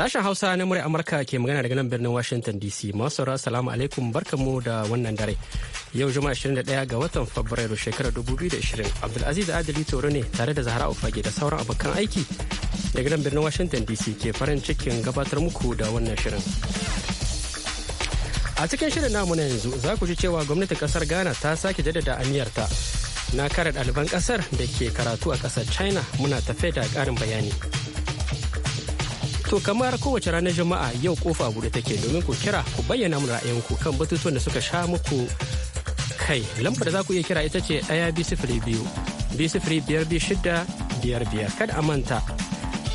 Sashen Hausa na murya Amurka ke magana daga nan birnin Washington DC. Masu salamu alaikum barkamu da wannan dare. Yau juma 21 ga watan Fabrairu shekarar 2020. Abdulaziz Adili Toro ne tare da Zahra Ufage da sauran abokan aiki daga nan birnin Washington DC ke farin cikin gabatar muku da wannan shirin. A cikin shirin namu na yanzu za ku ji cewa gwamnatin kasar Ghana ta sake jaddada aniyarta na kare ɗaliban kasar da ke karatu a kasar China muna tafe da karin bayani. To kamar kowace ranar jama'a yau kofa buɗe take domin ku kira ku bayyana mu ra'ayinku kan batutuwan da suka sha muku kai. Lambar da za ku iya kira ita ce ɗaya bi sifiri biyu bi sifiri biyar bi shida biyar biyar kada a manta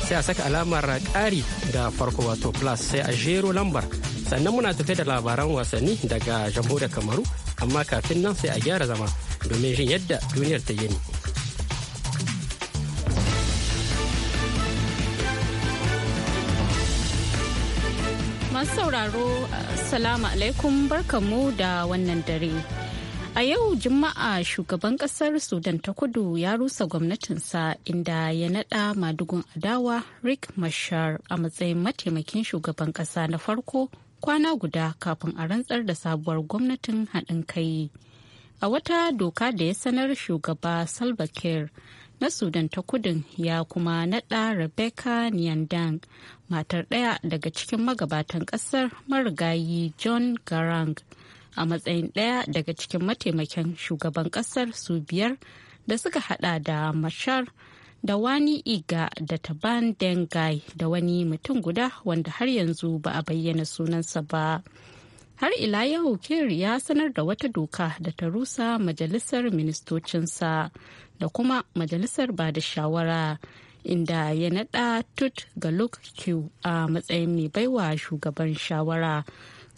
sai a saka alamar ƙari da farko wato plus sai a jero lambar sannan muna tafe da labaran wasanni daga jamhuriyar kamaru amma kafin nan sai a gyara zama domin jin yadda duniyar ta yini. masu sauraro salamu alaikum barkamu da wannan dare a yau juma'a shugaban kasar sudan ta kudu ya rusa gwamnatinsa inda ya nada madugun adawa rick mashar a matsayin mataimakin shugaban kasa na farko kwana guda kafin a rantsar da sabuwar gwamnatin haɗin kai a wata doka da ya sanar shugaba salva na sudan ta kudin ya kuma nada rebecca nyandang matar ɗaya daga cikin magabatan ƙasar marigayi john garang a matsayin ɗaya daga cikin mataimakin shugaban ƙasar su biyar da suka hada da mashar da wani iga da taban dengai da wani mutum guda wanda har yanzu ba a bayyana sunansa ba har ila yau kir ya sanar da wata doka da ta rusa majalisar ministocinsa da kuma majalisar ba da shawara inda ya naɗa tut ga luke a matsayin mai baiwa shugaban shawara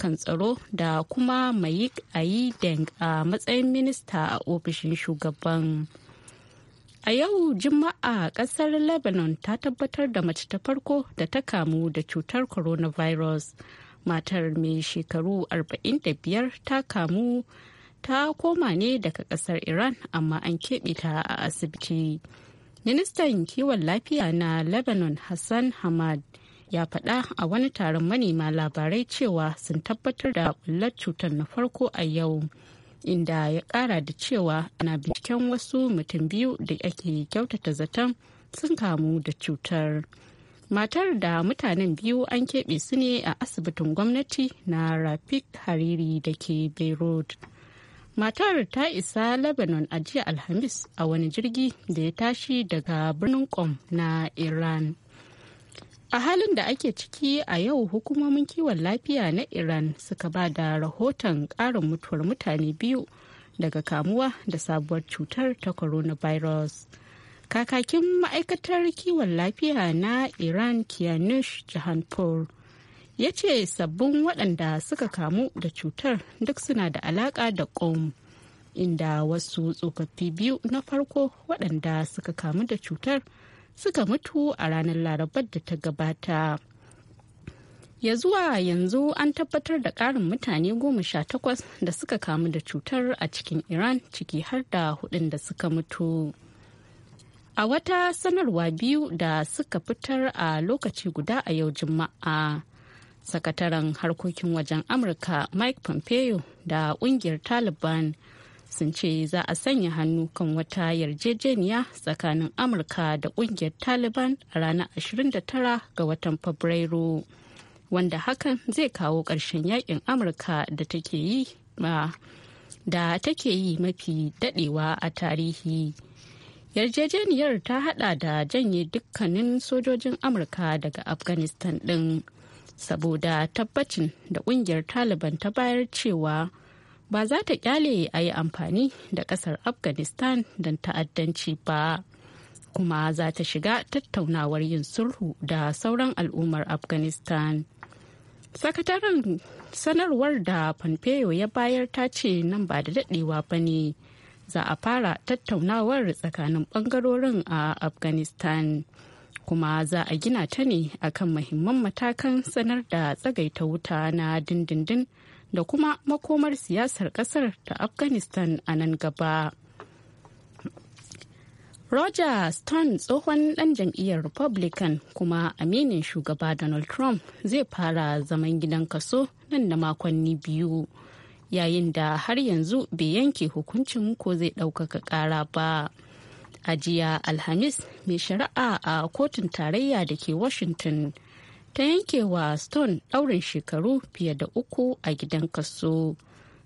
kan tsaro da kuma mai yi deng a matsayin minista a ofishin shugaban a yau juma'a kasar lebanon ta tabbatar da mace ta farko da ta kamu da cutar coronavirus matar mai shekaru 45 ta kamu ta koma ne daga kasar iran amma an keɓe ta a asibiti ministan kiwon lafiya na lebanon hassan hamad ya faɗa a wani taron manema labarai cewa sun tabbatar da bullar cutar na farko a yau inda ya ƙara da cewa ana binciken wasu mutum biyu da ake kyautata zaton sun kamu da cutar matar da mutanen biyu an keɓe su ne a asibitin gwamnati na rafik hariri da ke beirut matar ta isa lebanon a jiya alhamis a wani jirgi da ya tashi daga birnin qom na iran a halin da ake ciki a yau hukumomin kiwon lafiya na iran suka ba da rahoton ƙarin mutuwar mutane biyu daga kamuwa da sabuwar cutar ta coronavirus kakakin ma'aikatar kiwon lafiya na iran kianush jahanpur ya ce sabbin waɗanda suka kamu da cutar duk suna da alaƙa da ƙom inda wasu tsofaffi biyu na farko waɗanda suka kamu da cutar suka mutu a ranar larabar da ta gabata ya zuwa yanzu an tabbatar da ƙarin mutane goma sha takwas da suka kamu da cutar a cikin iran ciki har da hudun da suka mutu a wata sanarwa biyu da suka fitar a lokaci guda a yau juma'a sakataren harkokin wajen amurka mike pompeo da kungiyar taliban sun ce za a sanya hannu kan wata yarjejeniya tsakanin amurka da kungiyar taliban a ranar 29 ga watan fabrairu wanda hakan zai kawo ƙarshen yakin amurka da take yi da take yi mafi dadewa a tarihi yarjejeniyar ta hada da janye dukkanin sojojin amurka daga afghanistan din saboda tabbacin da kungiyar taliban ta bayar cewa ba za ta kyale a yi amfani da kasar afghanistan don ta'addanci ba kuma za ta shiga tattaunawar yin sulhu da sauran al'ummar afghanistan sakataren sanarwar da pompeo ya bayar ta ce nan ba da daɗewa ba ne za a fara tattaunawar tsakanin ɓangarorin a afghanistan kuma za a gina ta ne akan mahimman matakan sanar da tsagaita wuta na dindindin da kuma makomar siyasar kasar ta afghanistan a nan gaba roger stone tsohon dan jam'iyyar republican kuma aminin shugaba donald trump zai fara zaman gidan kaso nan da makonni biyu yayin da har yanzu bai yanke hukuncin ko zai ɗaukaka ƙara ba. a jiya alhamis mai shari'a a kotun tarayya da ke washington ta yankewa stone ɗaurin shekaru fiye da uku a gidan kaso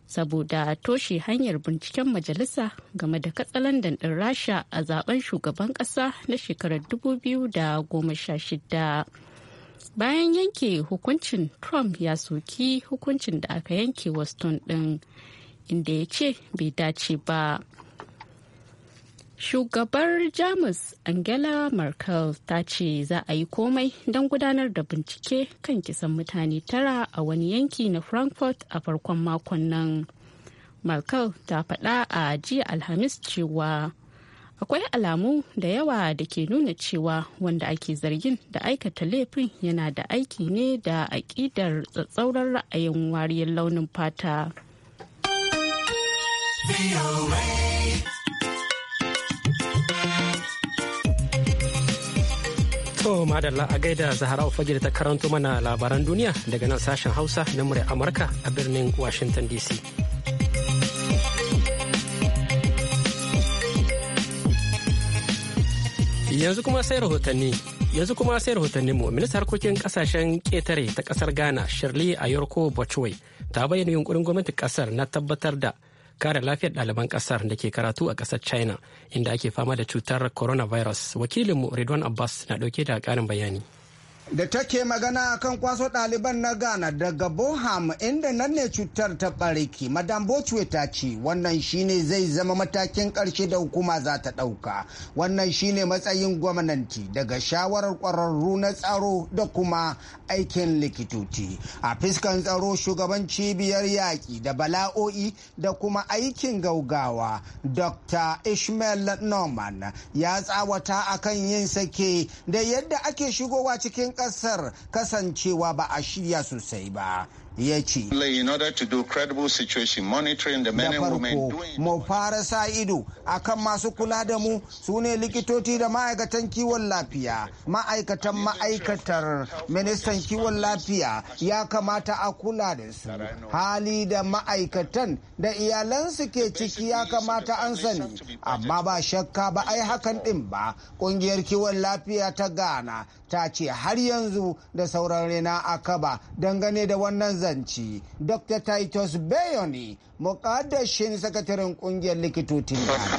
saboda toshe hanyar binciken majalisa game da katsalandan ɗin rasha a zaben shugaban ƙasa na shekarar 2016 bayan yanke hukuncin trump ya soki hukuncin da aka yanke wa stone ɗin inda ya ce bai dace ba Shugabar Jamus Angela Merkel ta ce za a yi komai don gudanar da bincike kan kisan mutane tara a wani yanki na Frankfurt a farkon makon nan. Merkel ta faɗa a jiya Alhamis cewa akwai alamu da yawa da ke nuna cewa wanda ake zargin da aikata laifin yana da aiki ne da aƙidar tsatsauran ra'ayin wariyar launin fata. To madalla a gaida Zahara Fajir ta karanto mana labaran duniya daga nan sashen Hausa na murya Amurka a birnin Washington DC. Yanzu kuma sai rahotanni. Yanzu kuma sai mu ministan harkokin kasashen ƙetare ta ƙasar Ghana Shirley Ayorko Bachoi ta bayyana yunkurin gwamnatin ƙasar na tabbatar da kare lafiyar ɗaliban ƙasar da ke karatu a ƙasar china inda ake fama da cutar coronavirus wakilinmu redwan abbas na ɗauke da ƙarin bayani da take magana kan kwaso ɗaliban na ghana daga boham inda nan ne cutar ta bariki madam bochwe ta ce wannan shine zai zama matakin ƙarshe da hukuma za ta ɗauka wannan shine matsayin gwamnati daga shawarar ƙwararru na tsaro da kuma aikin likitoci a fiskan tsaro shugaban cibiyar yaƙi da bala'o'i da kuma aikin gaugawa dr ishmael norman ya tsawata akan yin sake da yadda ake shigowa cikin kasar kasancewa ba a shirya sosai ba ya ce da farko mu fara sa ido kan masu kula da mu su ne likitoci da ma'aikatan kiwon lafiya ma'aikatan ma'aikatar ministan kiwon lafiya ya kamata a kula da su hali da ma'aikatan da iyalansu ke ciki ya kamata an sani amma ba shakka ba ai hakan din ba ƙungiyar kiwon lafiya ta gana. ta ce har yanzu da sauran rena kaba dangane da wannan zanci dr titus bayoni mukaddashin sakataren kungiyar likitocin ghana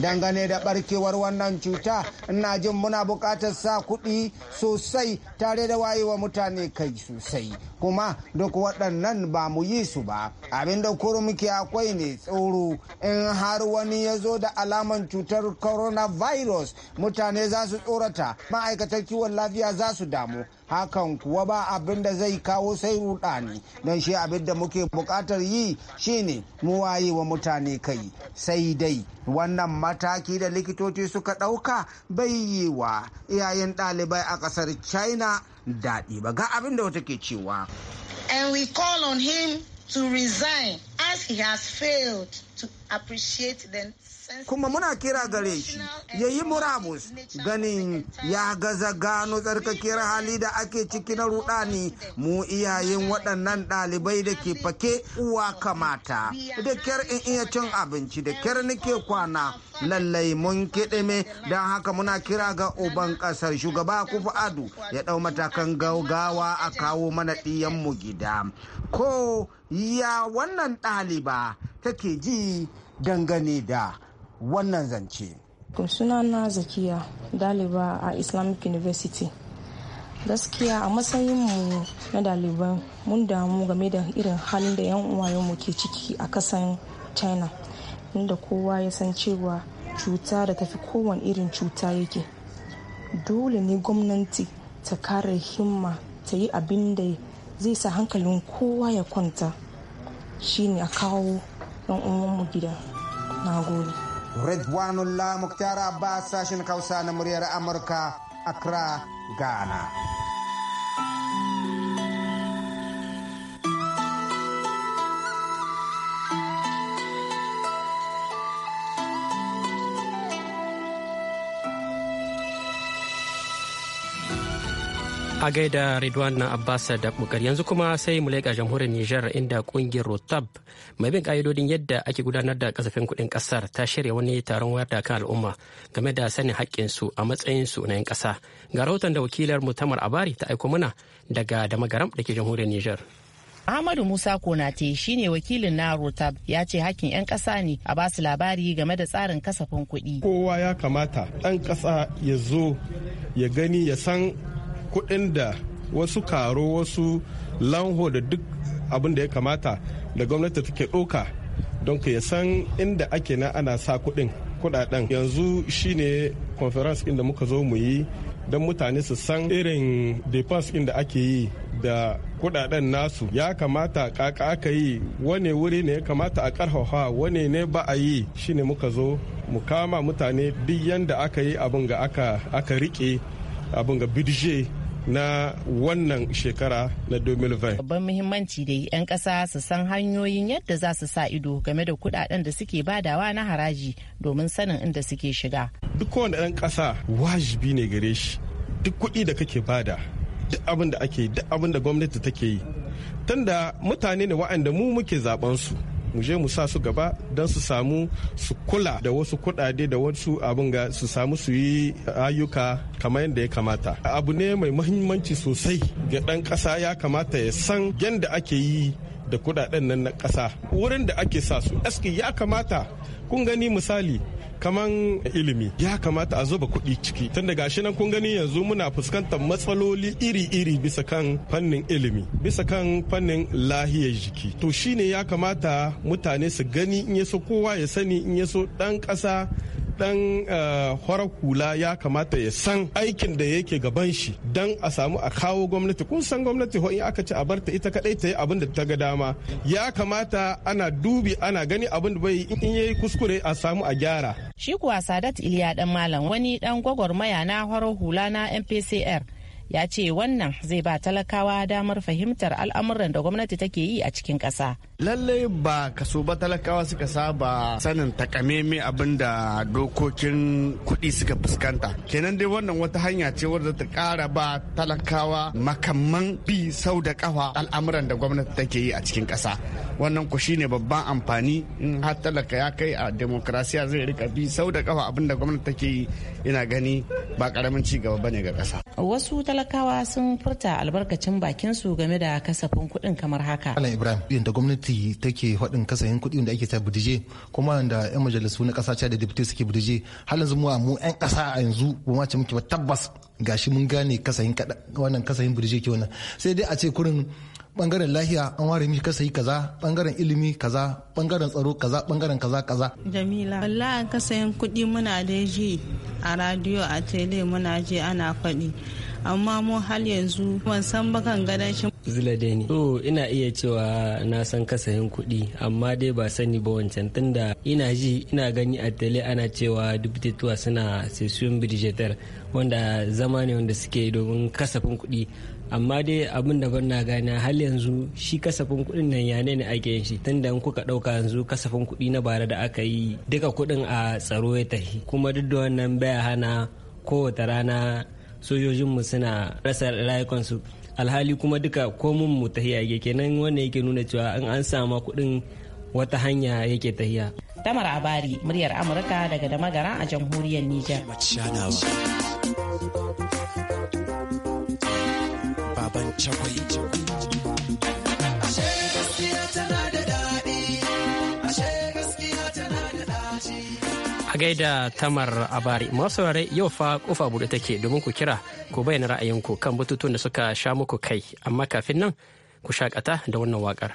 dangane da barkewar wannan cuta ina jin muna buƙatar sa kuɗi sosai tare da wayewa mutane kai sosai kuma duk waɗannan ba mu yi su ba abin da muke akwai ne tsoro in har wani ya zo da alaman cutar coronavirus mutane za su tsorata ma'aikatar kiwon lafiya za su damu hakan kuwa ba abin da zai kawo sai rudani don shi abin da muke bukatar yi shine mu waye wa mutane kai sai dai wannan mataki da likitoci suka dauka bai yi wa iyayen dalibai a kasar china daɗi ba ga abin da wata ke cewa and we call on him to resign as he has failed to appreciate them kuma muna kira gare shi ya yi murabus ganin ya gaza gano tsarkakiyar hali da ake ciki na rudani mu iyayen waɗannan ɗalibai da ke fake uwa kamata da kyar in iya cin abinci da kyar nake kwana lallai mun kiɗime don haka muna kira ga uban ƙasar shugaba kufu adu ya ɗau matakan gaugawa a kawo mana mu gida ko ya wannan ɗaliba take ji dangane da wannan zance. suna na zakiya daliba a islamic university gaskiya a matsayin mu na daliban mun damu game da irin halin da 'yan uwayenmu ke ciki a kasan china inda kowa ya san cewa cuta da tafi kowane irin cuta yake dole ne gwamnati ta kare himma ta yi abin da zai sa hankalin kowa ya kwanta shine a kawo 'yan uwanmu gida na gode Redwanullah Muktar Abbas sashen Hausa na muryar Amurka, Accra, Ghana. a gaida Ridwan na Abbas da Bukar yanzu kuma sai mu leƙa jamhuriyar Nijar inda kungiyar Rotab mai bin ƙa'idodin yadda ake gudanar da kasafin kuɗin ƙasar ta shirya wani taron wayar da kan al'umma game da sanin haƙƙinsu a matsayinsu na 'yan ƙasa. Ga rahoton da wakilar Mutamar Abari ta aiko mana daga Damagaram da ke jamhuriyar Nijar. Ahmadu Musa Konate shine wakilin na Rotab ya ce hakkin 'yan ƙasa ne a basu labari game da tsarin kasafin kuɗi. Kowa ya kamata ɗan ƙasa ya zo ya gani ya san kuɗin da wasu karo wasu lanho da duk abin da ya kamata da gwamnati take ɗoka don ya san inda ake na ana sa kuɗin kuɗaɗen yanzu shine conference inda muka zo mu yi don mutane su san irin defense inda ake yi da kudaden nasu ya kamata kaka aka yi wane wuri ne ya kamata a karfafa wane ne ba a yi shine muka zo mu kama mutane duk yanda aka yi abin ga aka rike abin ga bidje na wannan shekara na 2020. Babban muhimmanci da yi 'yan ƙasa su san hanyoyin yadda za su sa ido game da kudaden da suke badawa na haraji domin sanin inda suke shiga. Duk kowane ɗan ƙasa wajibi ne gare shi duk kuɗi da kake bada duk abin da ake duk abin da gwamnati take yi tunda mutane ne wa'anda mu muke zaben su. mu je mu sa su gaba don su samu su kula da wasu kudade da wasu abin ga su samu su yi ayyuka kamar yadda ya kamata abu ne mai mahimmanci sosai ga dan kasa ya kamata ya san yadda ake yi da kudaden nan na kasa. wurin da ake sa su aski ya kamata kun gani misali kaman ilimi ya kamata a zuba kuɗi ciki tun da gashi nan kun gani yanzu muna fuskantar matsaloli iri-iri bisa kan fannin ilimi bisa kan fannin lahiyar jiki to shine ya kamata mutane su gani in yaso kowa ya sani in yaso ɗan ƙasa dan farar eh, hula ya kamata ya san aikin da yake gaban shi dan a samu a kawo gwamnati kun san gwamnati in aka ci a barta ita kadai ta yi abin da ta ga dama ya kamata ana dubi ana gani abin da bai in yayi kuskure a samu a gyara shi kuwa sadat iliya dan malam wani dan gwagwarmaya na farar hula na mpcr ya ce wannan zai ba talakawa damar fahimtar al'amuran da gwamnati take yi a cikin kasa. lallai ba kaso ba talakawa suka saba sanin takamaiman abin da dokokin kuɗi suka fuskanta kenan dai wannan wata hanya ce wadda ta kara ba talakawa makamman bi sau da ƙafa al'amuran da gwamnati take yi a cikin kasa. wannan ku shine babban amfani in har talaka ya kai a demokrasiya zai rika bi sau da ƙafa abin da gwamnati take yi ina gani ba ƙaramin ci gaba bane ga ƙasa wasu talaka talakawa sun furta albarkacin bakin su game da kasafin kuɗin kamar haka. ala Ibrahim yadda gwamnati take faɗin kasafin kuɗi da ake ta budije kuma da 'yan majalisu na ƙasa da deputy suke budije har yanzu mu mu 'yan ƙasa a yanzu ba ma ce muke ba tabbas gashi mun gane kasafin wannan kasafin budije ke wannan sai dai a ce kurin bangaren lahiya an ware mishi kasayi kaza bangaren ilimi kaza bangaren tsaro kaza bangaren kaza kaza jamila wallahi kasayin kuɗi muna da ji a radiyo a tele muna ji ana faɗi amma mu hal yanzu ban san bakan gada shi zuladeni to ina iya cewa na san kasahin kuɗi amma dai ba sani ba wancan tunda ina ji ina gani a tele ana cewa dubtituwa suna session budgetar wanda zama ne wanda suke domin kasafin kuɗi amma dai abin da ban na gane hal yanzu shi kasafin kuɗin nan ya ne ake yin shi tunda in kuka ɗauka yanzu kasafin kuɗi na bara da aka yi duka kuɗin a tsaro ya tafi kuma duk da wannan baya hana kowace rana sojojinmu suna rasa rayukansu alhali kuma duka komun mu tahiya yake kenan wanda yake nuna cewa in an sama kuɗin wata hanya yake tahiya. Tamar Abari, muryar Amurka daga Damagara a jamhuriyar Nijar. Baban Chakwai. tana da a gaida tamar abari masu yau fa kofa bude take domin ku kira ku bayyana ra'ayinku kan bututun da suka sha muku kai amma kafin nan ku shakata da wannan waƙar.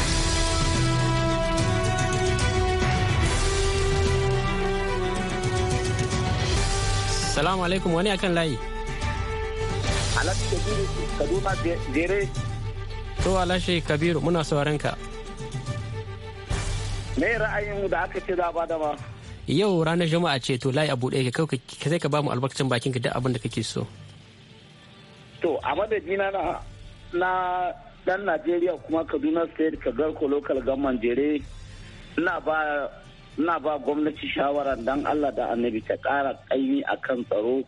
salamu alaikum wani akan layi alhaji kabiru kaduna jere to alhaji kabiru muna sauran ka me ra'ayin mu da aka ce za ba da ma yau ranar juma'a ce to layi a buɗe ka sai ka ba mu albarkacin bakin ka duk abin da kake so to a madadina na na dan najeriya kuma kaduna state kagarko local government jere ina ba ina ba gwamnati shawara don allah da annabi ta ƙara ƙaimi a kan tsaro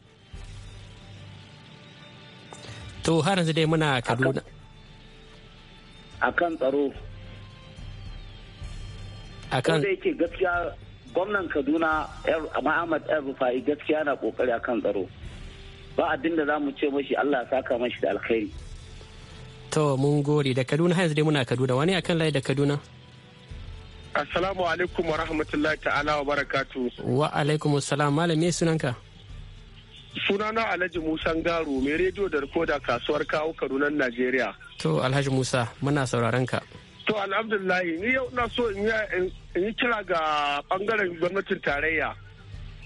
to har yanzu dai muna kaduna a kan tsaro a kan da yake gaskiya gwamnan kaduna ma'amad yan rufa'i gaskiya na kokari a kan tsaro ba abin da za mu ce mashi allah ya saka mashi da alkhairi to mun gode da kaduna har yanzu dai muna kaduna wani akan layi da kaduna Assalamu alaikum wa rahmatullahi ta'ala wa barakatu. Wa alaikum assalam malam me sunanka? Sunana Alhaji Musa mai rediyo da rikoda kasuwar kawo Kadunan Najeriya. To Alhaji Musa muna sauraron ka. To alhamdulillahi ni yau na so in yi kira ga bangaren gwamnatin tarayya.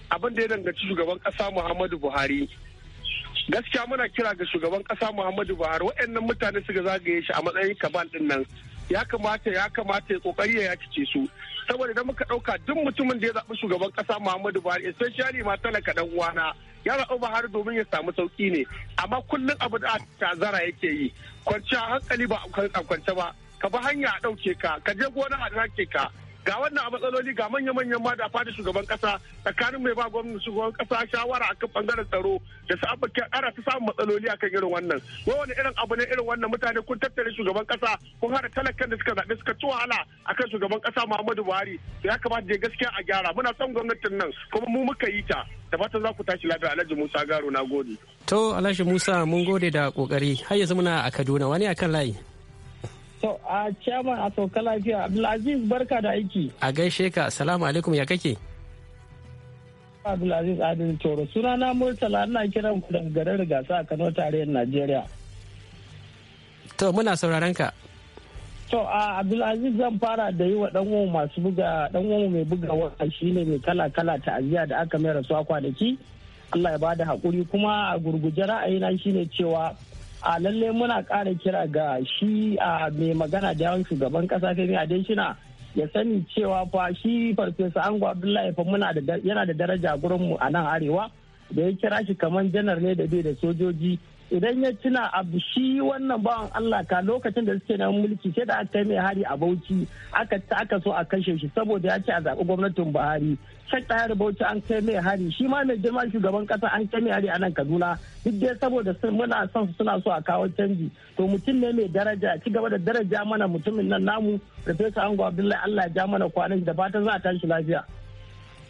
Abin da ya danganci shugaban kasa Muhammadu Buhari. Gaskiya muna kira ga shugaban kasa Muhammadu Buhari waɗannan mutane suka zagaye shi a matsayin kabal ɗin nan ya kamata ya kamata ya kokari ya yakice su saboda idan muka dauka duk mutumin da ya zaɓi shugaban ƙasa Muhammadu Buhari especially ma talaka dan uwana ya zaɓi Buhari domin ya samu sauki ne amma kullun abu da tazara yake yi kwanciya hankali ba a kwance ba ka bi hanya a ɗauke ka ka je gona a ɗauke ka ga wannan a matsaloli ga manya-manyan ma da fadi shugaban kasa tsakanin mai ba gwamnati shugaban kasa shawara a kan bangaren tsaro da su abu kara su samun matsaloli akan irin wannan wani irin abu ne irin wannan mutane kun tattare shugaban kasa kun hada talakan da suka zaɓe suka ci wahala akan shugaban kasa Muhammadu Buhari ya kamata je gaskiya a gyara muna son gwamnatin nan kuma mu muka yi ta da fatan za ku tashi lafiya Alhaji Musa Garo na gode to Alhaji Musa mun gode da kokari har yanzu muna a Kaduna wani akan layi To a uh, chairman a sauka lafiya Abdulaziz barka da aiki. A gaishe ka salamu alaikum ya kake. Abdulaziz Adil Toro sunana Murtala ina kiran ku daga garin Rigasa a Kano tarayyar Najeriya. To muna sauraron ka. To a uh, Abdulaziz zan fara da yi wa ɗanwo masu buga ɗanwo mai buga shi shine mai kala kala ta'aziyya da aka mai su kwanaki. Allah ya bada haƙuri kuma a gurguje ra'ayina shine cewa a lalle muna ƙara kira ga shi a mai magana da yawon shugaban kasa femi shina ya sani cewa fa shi farfesa an abdullahi fa muna da yana da daraja gurin mu a nan arewa da ya kira shi kamar janar ne da bai da sojoji idan ya tuna abu shi wannan bawan Allah ka lokacin da suke nan mulki sai da aka mai hari a Bauchi aka aka so a kashe shi saboda ya ce a zaɓi gwamnatin Buhari shak hari Bauchi an kai mai hari shi ma mai girma shugaban kasa an kai mai hari a nan Kaduna duk dai saboda muna son su suna so a kawo canji to mutum ne mai daraja ci gaba da daraja mana mutumin nan namu Professor Ango Abdullahi Allah ya ja mana kwanan da fatan za a tashi lafiya.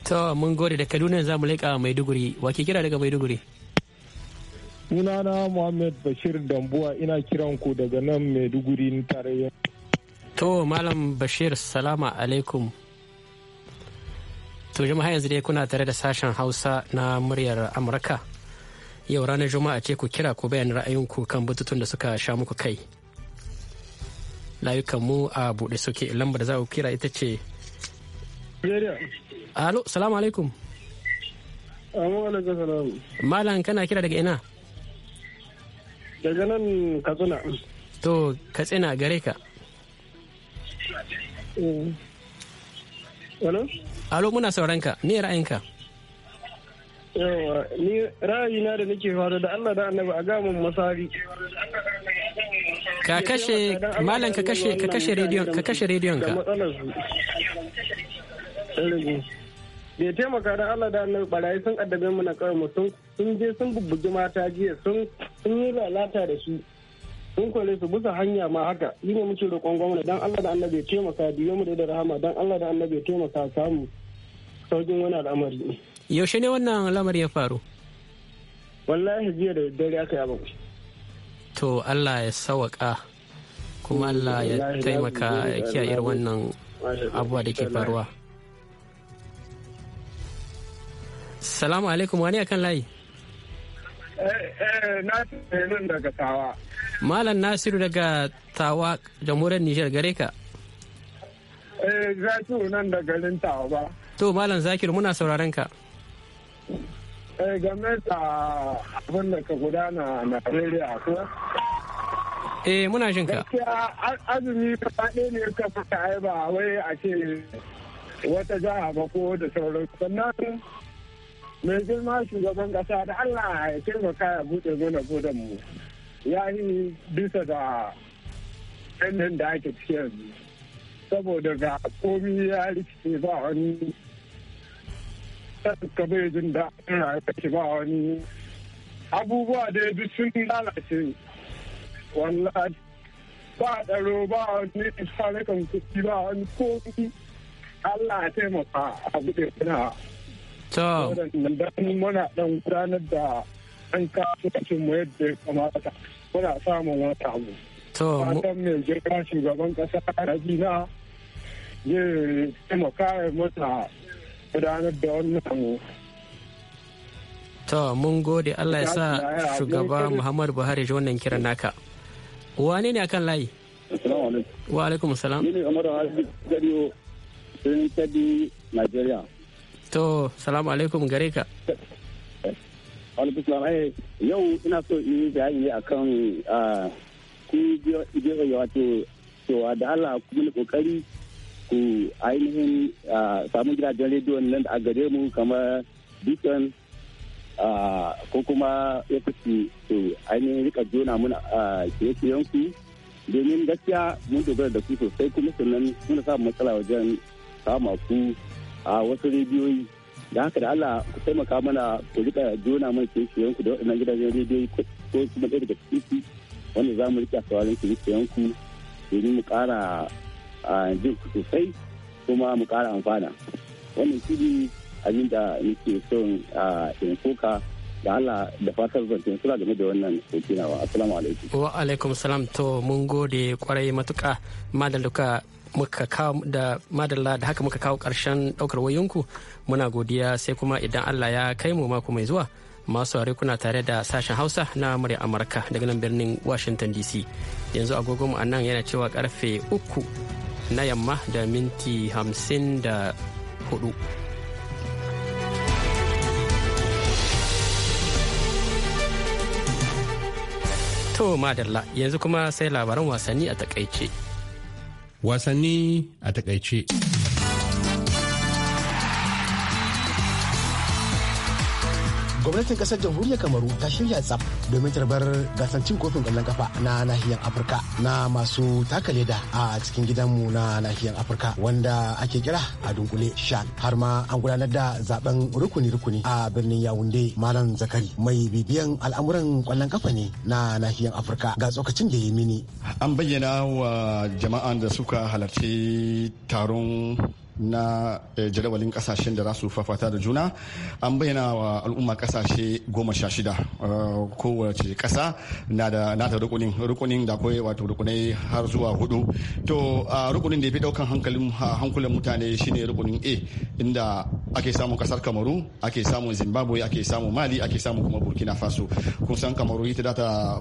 To mun gode da Kaduna za mu leƙa Maiduguri wa ke kira daga Maiduguri? sunana muhammad bashir dambuwa ina kiran ku daga nan maiduguri tarayya to malam bashir salama alaikum to jama'a yanzu dai kuna tare da sashen hausa na muryar amurka yau ranar juma'a ce ku kira ku bayan ra'ayinku kan bututun da suka sha muku kai layukanmu a buɗe suke lambar da za ku kira ita ce alo salamu alaikum malam kana kira daga ina daga nan katsina to katsina gare ka alo alo muna sauran ka me ra'ayinka yawa ni ra'ayina da nake faru da Allah da annabi a gamin masari ka kashe malam ka kashe ka kashe rediyon ka kashe rediyon ka ya taimaka da Allah da Allah barayi sun addabe mu na kawai sun sun je sun bubbugi mata jiya sun sun yi lalata da su sun kore su bisa hanya ma haka yi ne muke roƙon gwamnati dan Allah da Allah bai taimaka biyo mu da rahama dan Allah da Allah bai taimaka samu saukin wani al'amari yaushe ne wannan al'amari ya faru wallahi jiya da dare aka yaba to Allah ya sawaka kuma Allah ya taimaka ya kiyaye wannan abuwa da ke faruwa Salamu alaikum wani akan layi. Eh, eh, Nasiru daga Tawa. Malam Nasiru daga Tawa jamhuriyar Nijar gare ka. Eh, Zakiru nan da garin Tawa ba. To Malam Zakiru muna sauraron ka. Game da abin da ka gudana a Najeriya ko? Eh muna jin ka. azumi faɗe ne ka fita ba wai a ce wata jaha ba ko da sauran sannan mai girma shugaban kasa da allah ya taimaka ya buɗe mana godan mu ya yi bisa da yanayin da ake ciki saboda ga komi ya rikice ba wani ka bai jin daɗin rayuwa ba wani abubuwa da ya sun lalace wallahi ba tsaro ba wani tsarakan kuɗi ba wani komi Allah ya taimaka a buɗe sana'a. To. Dan muna dan gudanar da ya kamata muna samun wata abu. To. mai shugaban kasa Rabina mata gudanar da wannan To mun gode Allah ya sa shugaba Muhammadu Buhari ji wannan kiran naka. Wane ne akan layi? Wa alaikum salam. Ni ne Umaru Gariyo, Nigeria. To, salamu alaikum gare ka. Eh, yau ina so in yi bayani ne akan ah, ku biyo wato cewa da Allah ku mini kokari ku ainihin ah, samun gidajen rediyon nan a gare mu kamar Beacon ah, ko kuma ya kuci su ainihin rika jona mun a kiyayen ku domin gaskiya mun dogara da ku sosai kuma sannan muna samun matsala wajen samun ku a wasu rediyoyi da haka da Allah ku taimaka mana ku rika jona ke kishiyan ku da waɗannan gidajen rediyoyi ko kuma ɗaya daga cikin wanda za mu rika sauraron kishiyan ku domin mu ƙara jin ku sosai kuma mu ƙara amfana wannan shiri abin da nake son in koka da Allah da fatar zance suna game da wannan hotuna wa assalamu alaikum wa alaikum salam to mun gode kwarai matuka madalluka muka kawo da madalla da haka muka kawo karshen daukar wayonku muna godiya sai kuma idan Allah ya kai mu mako mai zuwa masu ware kuna tare da sashen hausa na murya amurka daga nan birnin washington dc yanzu agogo mu nan yana cewa karfe uku na yamma da minti hamsin da hudu to madalla yanzu kuma sai labaran wasanni a takaice wasanni a takaice. gwamnatin kasar jamhuriyar kamaru ta shirya tsaf domin tarbar gasar cin kofin kwallon kafa na nahiyar afirka na masu taka leda a cikin gidanmu na nahiyar afirka wanda ake kira a dunkule shan har ma an gudanar da zaben rukuni-rukuni a birnin yawunde malam zakari mai bibiyan al'amuran kwallon kafa ne na nahiyar afirka ga tsokacin da ya mini an bayyana wa jama'an da suka halarci taron na eh, jadawalin kasashen da za su fafata da juna an bayyana wa al'umma kasashe goma sha shida eh, kowace kasa na da rukunin rukunin da akwai wato rukunai har zuwa hudu to rukunin da ya fi daukan hankalin hankulan mutane shine rukunin a inda ake samu kasar kamaru ake samun zimbabwe ake samu mali ake samu kuma burkina faso kusan kamaru ita da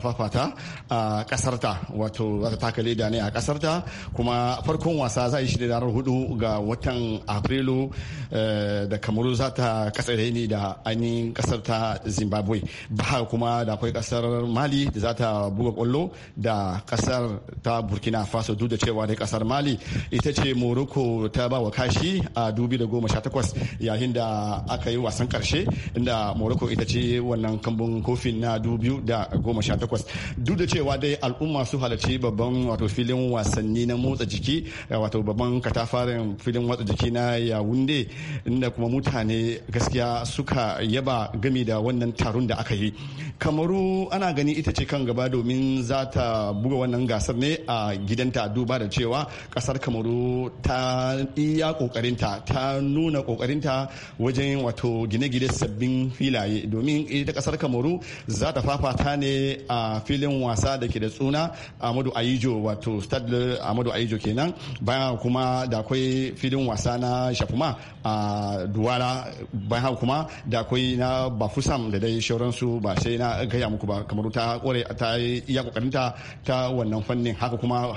fafata a kasarta wato zata taka leda ne a kasarta kuma farkon wasa za yi shi da ranar hudu ga watan afrilu eh, da kamaru za ta kasare ne da ainihin kasar ta zimbabwe ba kuma da akwai kasar mali da za ta buga kwallo da kasar ta burkina faso duk da cewa da kasar mali ita ce morocco ta ba wa kashi a 2018 yayin da aka yi wasan karshe inda morocco ita ce wannan kambun kofin na dubu da goma sha takwas duk da cewa dai al'umma su halarci babban wato filin wasanni na motsa jiki wato babban katafaren filin motsa jiki na yawunde inda kuma mutane gaskiya suka yaba gami da wannan taron da aka yi kamaru ana gani ita ce kan gaba domin za ta buga wannan gasar ne a gidanta duba da cewa kasar kamaru ta iya kokarinta ta nuna kokarinta ta wajen wato gine-gine sabbin filaye domin ita kasar kamaru za ta fafata ne a filin wasa da ke da tsuna amadu ayijo wato stade amadu ayijo kenan bayan kuma da akwai filin wasa na shafuma a duwala bayan kuma da akwai na bafusam da dai shauransu ba sai na gaya muku ba kamaru ta kore ta iya kokarinta ta wannan fannin haka kuma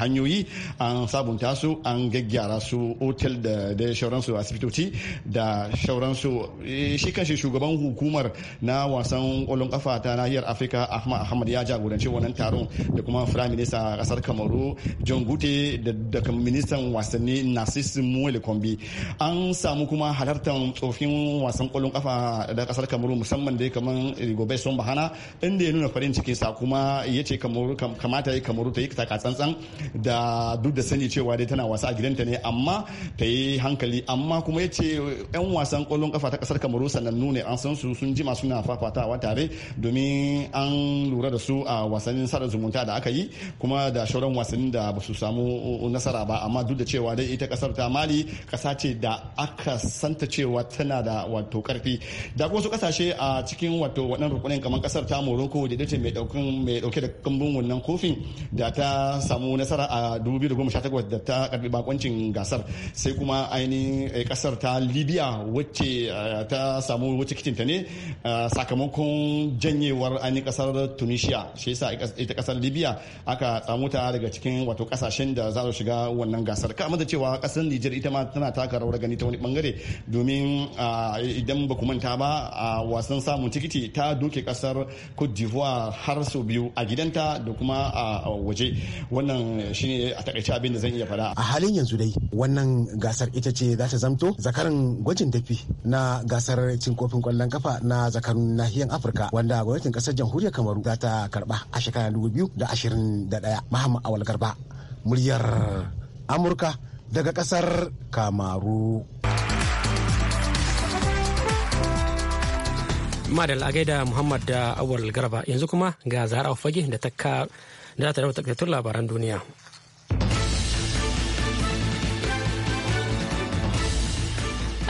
hanyoyi an sabunta su an gaggyara su otal da dai shauransu asibitoci da shauransu e, shi kanshi shugaban hukumar na wasan kwallon kafa ta nahiyar afirka ahmad ahmad ya jagoranci wannan taron da kuma firayim minista kasar kamaru john gute da ministan wasanni nasis muwele kombi an samu kuma halartar tsofin wasan kwallon kafa da kasar kamaru musamman dai kamar rigobe son bahana inda ya nuna farin cikin sa kuma ya ce kamata ya kamaru ta yi taka tsantsan da duk da sani cewa dai tana wasa a gidanta ne amma ta yi hankali amma kuma ya ce yan wasan kwallon kafa ta kasar kamaru sanannu ne an san su sun jima suna fafatawa tare domin an lura da su a wasannin sada zumunta da aka yi kuma da shauran wasannin da ba su samu uh, nasara ba amma duk da cewa dai ita kasar ta mali kasa ce da aka santa cewa tana da wato karfi da wasu kasashe a cikin wato waɗannan rukunin kamar kasar ta morocco da ita mai dauke da kambun wannan kofin da ta samu nasara a 2018 da ta karbi bakoncin gasar sai kuma ainihin eh, kasar ta libya wacce eh, ta samu wacce kitinta ne eh, sakamakon janyewar ainihin kasar tunisia shi yasa ita kasar libya aka samu ta daga cikin wato kasashen da za su shiga wannan gasar ka da cewa kasar niger ita ma tana taka rawar gani ta wani bangare domin eh, idan ba ku manta ba a wasan samun tikiti ta doke kasar cote d'ivoire har sau biyu a gidanta da kuma a waje wannan shine a takaice abin da zan iya fada a halin yanzu dai wannan gasar ita ce za ta zamto zakaran wannan gwajin dafi na gasar cin kofin kwallon kafa na zakarun nahiyar afirka wanda gwamnatin kasar jamhuriyar kamaru za ta karba a shekarar 2021 muhammad awal garba muryar amurka daga kasar kamaru madal a gaida muhammad da awal garba yanzu kuma ga zara fage da ta da ta labaran duniya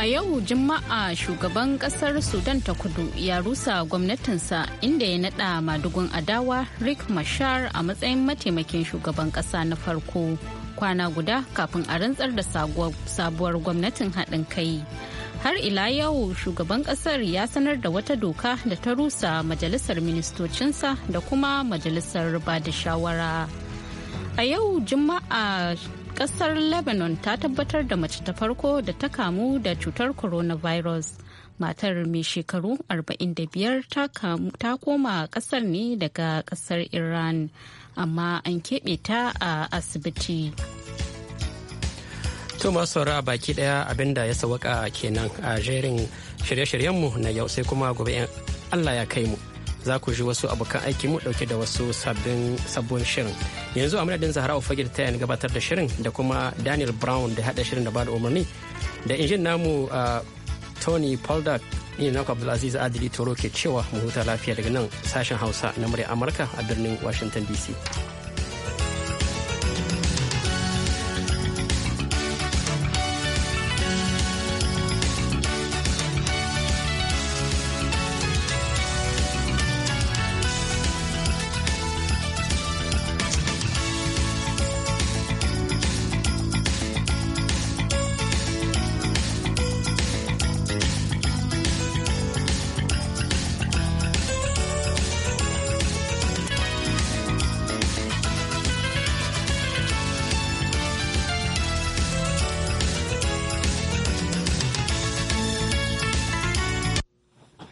A yau Juma'a shugaban kasar Sudan ta kudu ya rusa gwamnatinsa inda ya nada madugun adawa Rick Mashar a matsayin mataimakin shugaban kasa na farko kwana guda kafin a rantsar da sabuwar gwamnatin haɗin kai. Har ila yau shugaban kasar ya sanar da wata doka da ta rusa majalisar ministocinsa da kuma majalisar ba da shawara. A yau Juma'a kasar lebanon ta tabbatar da mace ta farko da ta kamu da cutar coronavirus matar mai shekaru 45 ta koma kasar ne daga kasar iran amma an keɓe ta a asibiti to masu a baki daya abinda ya sawaka kenan a jerin shirye-shiryenmu na yau sai kuma gobe allah ya kai mu za ku ji wasu abokan aiki mu dauke da wasu sabbin sabon shirin yanzu a madadin zahra fagir ta yana gabatar da shirin da kuma daniel brown da hada shirin da ba da umarni da injin namu tony poldak ni na abdulaziz adili toro ke cewa mu huta lafiya daga nan sashen hausa na murya amurka a birnin washington dc